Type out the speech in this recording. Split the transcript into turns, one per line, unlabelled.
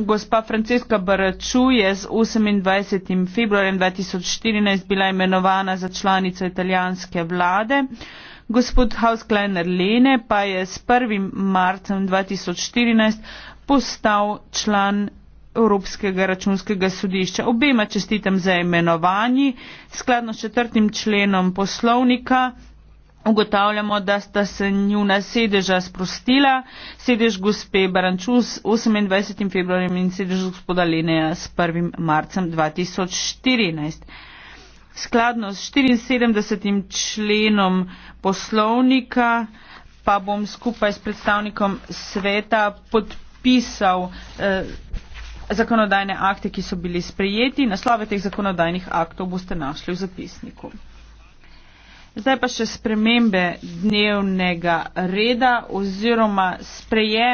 Gospa Francesca Baraču je z 28. februarjem 2014 bila imenovana za članico italijanske vlade. Gospod Hauskleiner Lene pa je s 1. marcem 2014 postal član Evropskega računskega sodišča. Obema čestitam za imenovanji. Skladno s četrtim členom poslovnika Ugotavljamo, da sta se njuna sedeža sprostila, sedež gospe Barančus 28. februarjem in sedež gospoda Leneja s 1. marcem 2014. Skladno s 74. členom poslovnika pa bom skupaj s predstavnikom sveta podpisal eh, zakonodajne akte, ki so bili sprejeti. Naslove teh zakonodajnih aktov boste našli v zapisniku. Zdaj pa še spremembe dnevnega
reda oziroma sprejem.